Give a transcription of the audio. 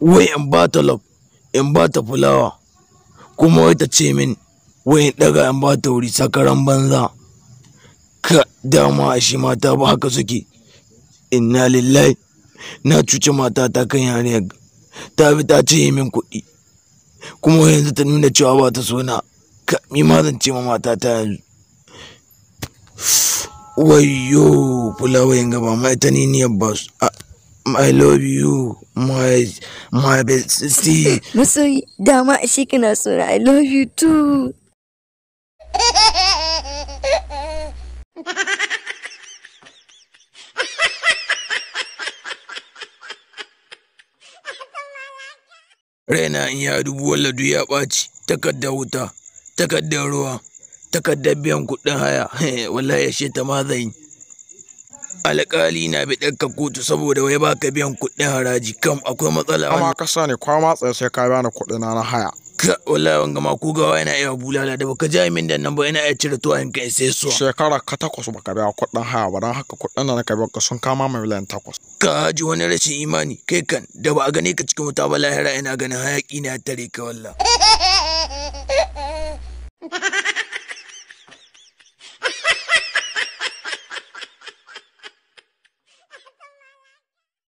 wai in ba ta lab in ba ta fulawa kuma wai ta ce min wai in daga in ba ta wuri sakaran banza ka dama shi mata ba haka suke inna lillahi na cuci mata ta kan yariya ta bi ta ce min kuɗi kuma yanzu ta nuna cewa ba ta so na ka mi ma zan ce ma mata ta yanzu wayo fulawa yanga ba ma ita ne ni ba su I love you, my my bestie. Masoyi, dama ashe kana so I love you too. Raina in ya dubu waladu ya ɓaci, takardar wuta, takardar ruwa, takardar biyan kuɗin haya, wallahi ya ta ma zan yi. alƙali na bi ɗanka kotu saboda wai ba ka biyan kuɗin haraji kam akwai matsala amma ka sani ne kwa matsa sai ka bani kuɗin na haya ka wallahi wanga ma ko gawa yana iya bulala da baka ja min da nan ba yana iya cire tuwayen ka sai so shekara ka takwas baka biya kuɗin haya ba dan haka kuɗin da ka biya ka sun kama mai miliyan takwas ka ji wani rashin imani kai kan da ba a gane ka cikin wuta ba lahira ina ganin hayaki na tare ka wallahi